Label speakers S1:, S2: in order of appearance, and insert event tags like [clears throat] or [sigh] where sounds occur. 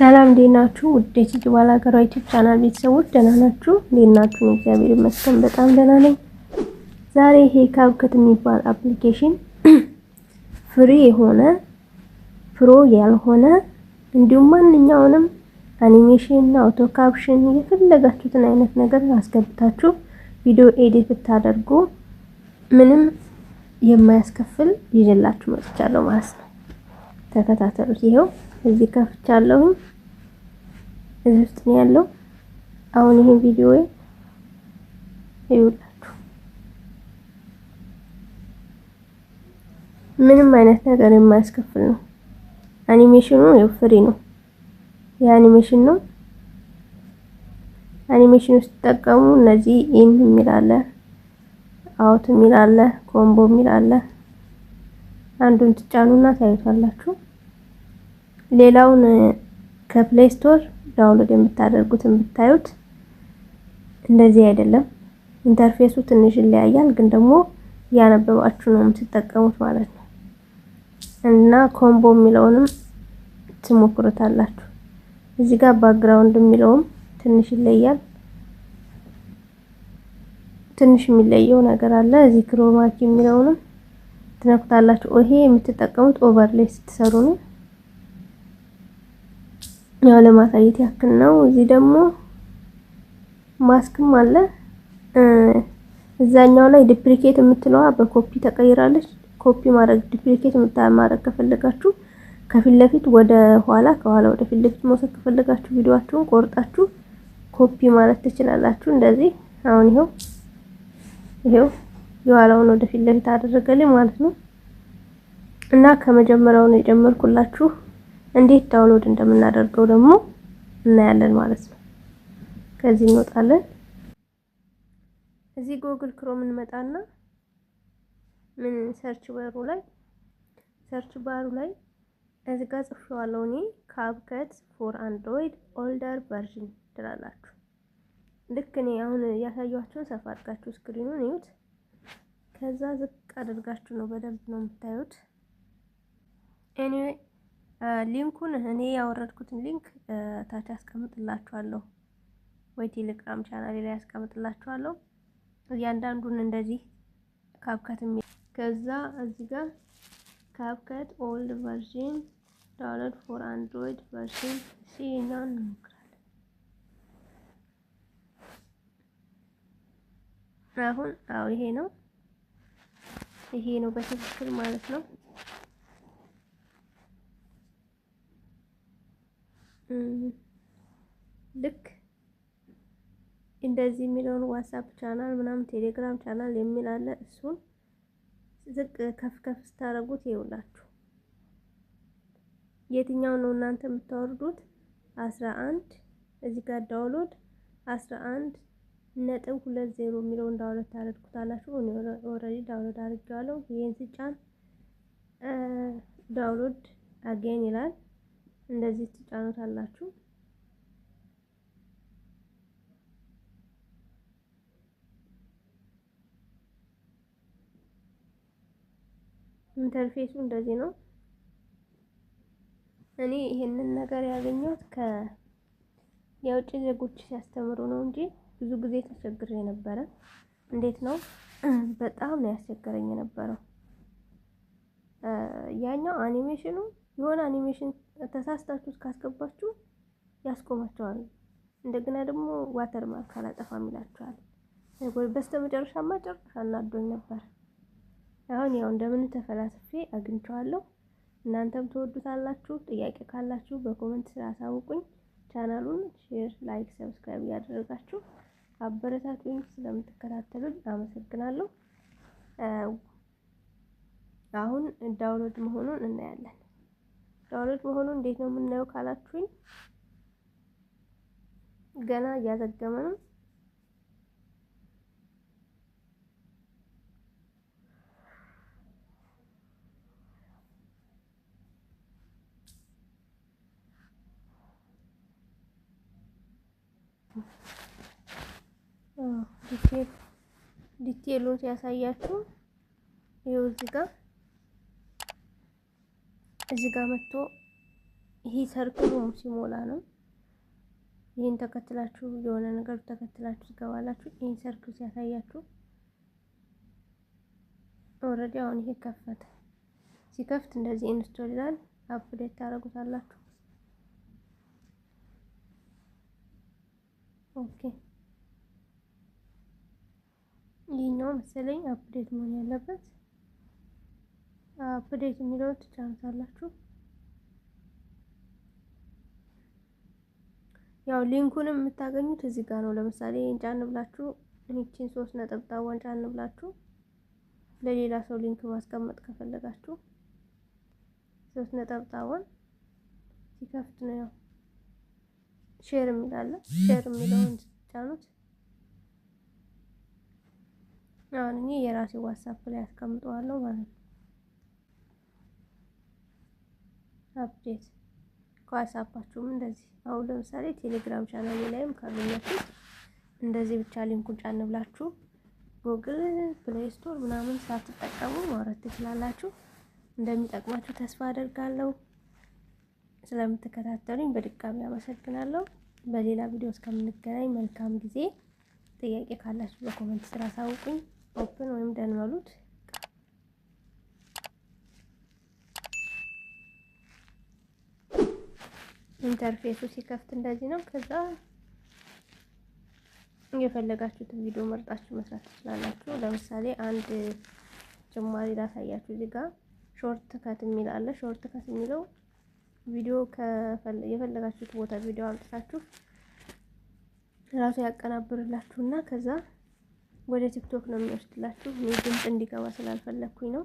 S1: ሰላም እንዴት ናችሁ? ውድ የጂጂ ባላገሯ ዩቲዩብ ቻናል ቤተሰቦች ደህና ናችሁ? እንዴት ናችሁ? እግዚአብሔር ይመስገን በጣም ደህና ነኝ። ዛሬ ይሄ ካብከት የሚባል አፕሊኬሽን [clears throat] ፍሪ የሆነ ፍሮ ያልሆነ እንዲሁም ማንኛውንም አኒሜሽን እና አውቶ ካፕሽን የፈለጋችሁትን አይነት ነገር አስገብታችሁ ቪዲዮ ኤዲት ብታደርጉ ምንም የማያስከፍል ይዤላችሁ መጥቻለሁ ማለት ነው። ተከታተሉት ይሄው እዚህ ከፍቻለሁ። እዚህ ውስጥ ነው ያለው። አሁን ይሄን ቪዲዮ ይውላችሁ። ምንም አይነት ነገር የማያስከፍል ነው። አኒሜሽኑ ነው ፍሪ ነው። የአኒሜሽን ነው። አኒሜሽን ውስጥ ተጠቀሙ። እነዚህ ኢን የሚል አለ፣ አውት የሚል አለ፣ ኮምቦ የሚል አለ። አንዱን ትጫኑና ታዩታላችሁ። ሌላውን ከፕሌይ ስቶር ዳውንሎድ የምታደርጉትን ብታዩት እንደዚህ አይደለም። ኢንተርፌሱ ትንሽ ይለያያል፣ ግን ደግሞ እያነበባችሁ ነው የምትጠቀሙት ማለት ነው። እና ኮምቦ የሚለውንም ትሞክሩታላችሁ። እዚህ ጋር ባክግራውንድ የሚለውም ትንሽ ይለያል። ትንሽ የሚለየው ነገር አለ። እዚህ ክሮማኪ የሚለውንም ትነኩታላችሁ። ይሄ የምትጠቀሙት ኦቨርሌይ ስትሰሩ ነው። ያው ለማሳየት ያክል ነው። እዚህ ደግሞ ማስክም አለ። እዛኛው ላይ ዱፕሊኬት የምትለዋ በኮፒ ተቀይራለች። ኮፒ ማድረግ ዱፕሊኬት ማድረግ ከፈለጋችሁ ከፊት ለፊት ወደ ኋላ፣ ከኋላ ወደ ፊት ለፊት መውሰድ ከፈለጋችሁ ቪዲዮአችሁን ቆርጣችሁ ኮፒ ማለት ትችላላችሁ። እንደዚህ አሁን ይሄው ይሄው የኋላውን ወደ ፊት ለፊት አደረገልኝ ማለት ነው እና ከመጀመሪያው ነው የጀመርኩላችሁ። እንዴት ዳውንሎድ እንደምናደርገው ደግሞ እናያለን ማለት ነው። ከዚህ እንወጣለን። እዚህ ጎግል ክሮም እንመጣና ምን ሰርች ባሩ ላይ ሰርች ባሩ ላይ እዚህ ጋር ጽፌዋለሁ እኔ ካብከት ፎር አንድሮይድ ኦልደር ቨርዥን ትላላችሁ። ልክ እኔ አሁን ያሳያችሁን ሰፋ አድርጋችሁ ስክሪኑን እዩት። ከዛ ዝቅ አድርጋችሁ ነው በደንብ ነው የምታዩት። ሊንኩን እኔ ያወረድኩትን ሊንክ ታች አስቀምጥላችኋለሁ፣ ወይ ቴሌግራም ቻናሌ ላይ አስቀምጥላችኋለሁ። እያንዳንዱን እንደዚህ ካብከት ከዛ እዚህ ጋር ካብከት ኦልድ ቨርዥን ዳውንሎድ ፎር አንድሮይድ ቨርዥን ሲናን እንሞክራለን። አሁን አዎ ይሄ ነው ይሄ ነው በትክክል ማለት ነው። እንደዚህ የሚለውን ዋትሳፕ ቻናል ምናምን ቴሌግራም ቻናል የሚል አለ። እሱን ዝቅ ከፍ ከፍ ስታደርጉት ይውላችሁ የትኛው ነው እናንተ የምታወርዱት? አስራ አንድ እዚህ ጋር ዳውንሎድ አስራ አንድ ነጥብ ሁለት ዜሮ የሚለው ዳውንሎድ ታደርጉታላችሁ። እኔ ኦልሬዲ ዳውንሎድ አድርጌዋለሁ። ይህን ስጫን ዳውንሎድ አገኝ ይላል። እንደዚህ ትጫኑታላችሁ። ኢንተርፌሱ እንደዚህ ነው። እኔ ይሄንን ነገር ያገኘሁት የውጭ ዜጎች ሲያስተምሩ ነው እንጂ ብዙ ጊዜ ተቸግሬ ነበረ። እንዴት ነው በጣም ነው ያስቸገረኝ የነበረው። ያኛው አኒሜሽኑ የሆነ አኒሜሽን ተሳስታችሁ ካስገባችሁ ያስቆማቸዋል። እንደገና ደግሞ ዋተር ማርክ አላጠፋም ይላችኋል። በስተመጨረሻ ጨርሻ እናዶኝ ነበር። አሁን ያው እንደምን ተፈላስፌ አግኝቼዋለሁ። እናንተም ትወዱታላችሁ። ጥያቄ ካላችሁ በኮመንት ስራ አሳውቁኝ። ቻናሉን ሼር፣ ላይክ፣ ሰብስክራይብ እያደረጋችሁ አበረታቱኝ። ስለምትከታተሉኝ አመሰግናለሁ። አሁን ዳውንሎድ መሆኑን እናያለን። ዳውንሎድ መሆኑን እንዴት ነው የምናየው ካላችሁኝ፣ ገና እያዘገመ ነው። ዲቴል ዲቴሉን ሲያሳያችሁ ይኸው እዚህ ጋር እዚህ ጋር መጥቶ ይሄ ሰርክሉ ሲሞላ ነው። ይህን ተከትላችሁ የሆነ ነገር ተከትላችሁ ትገባላችሁ። ይህን ሰርክል ሲያሳያችሁ ኦልሬዲ አሁን ይሄ ከፈተ። ሲከፍት እንደዚህ ኢንስቶል ይላል። አፕዴት ታደርጉታላችሁ። ኦኬ ይህኛው መሰለኝ አፕዴት መሆን ያለበት። አፕዴት የሚለው ትጫንሳላችሁ። ያው ሊንኩንም የምታገኙት እዚህ ጋር ነው። ለምሳሌ ይህን ጫን ብላችሁ ይህችን ሶስት ነጠብጣቧን ጫን ብላችሁ ለሌላ ሰው ሊንክ ማስቀመጥ ከፈለጋችሁ ሶስት ነጠብጣቧን ሲከፍት ነው ያው ሼር የሚላለ ሼር የሚለውን ስትጫኑት አሁን እኔ የራሴ ዋትሳፕ ላይ አስቀምጠዋለሁ ማለት ነው። አፕዴት ከዋትሳፓችሁም እንደዚህ አሁን ለምሳሌ ቴሌግራም ቻናል ላይም ካገኛችሁ እንደዚህ ብቻ ሊንኩን ጫን ብላችሁ ጉግል ፕሌይ ስቶር ምናምን ሳትጠቀሙ ማውረድ ትችላላችሁ። እንደሚጠቅማችሁ ተስፋ አደርጋለሁ። ስለምትከታተሉኝ በድጋሚ አመሰግናለሁ። በሌላ ቪዲዮ እስከምንገናኝ መልካም ጊዜ። ጥያቄ ካላችሁ በኮመንት ስራ ሳውቁኝ። ኦፕን ወይም ደን በሉት። ኢንተርፌሱ ሲከፍት እንደዚህ ነው። ከዛ የፈለጋችሁትን ቪዲዮ መርጣችሁ መስራት ትችላላችሁ። ለምሳሌ አንድ ጭማሪ ላሳያችሁ። እዚህ ጋር ሾርት ከት የሚል አለ። ሾርት ከት የሚለው ቪዲዮ የፈለጋችሁት ቦታ ቪዲዮ አምጥታችሁ ራሱ ያቀናብርላችሁና ከዛ ወደ ቲክቶክ ነው የሚወስድላችሁ። ድምፅ እንዲገባ ስላልፈለግኩኝ ነው።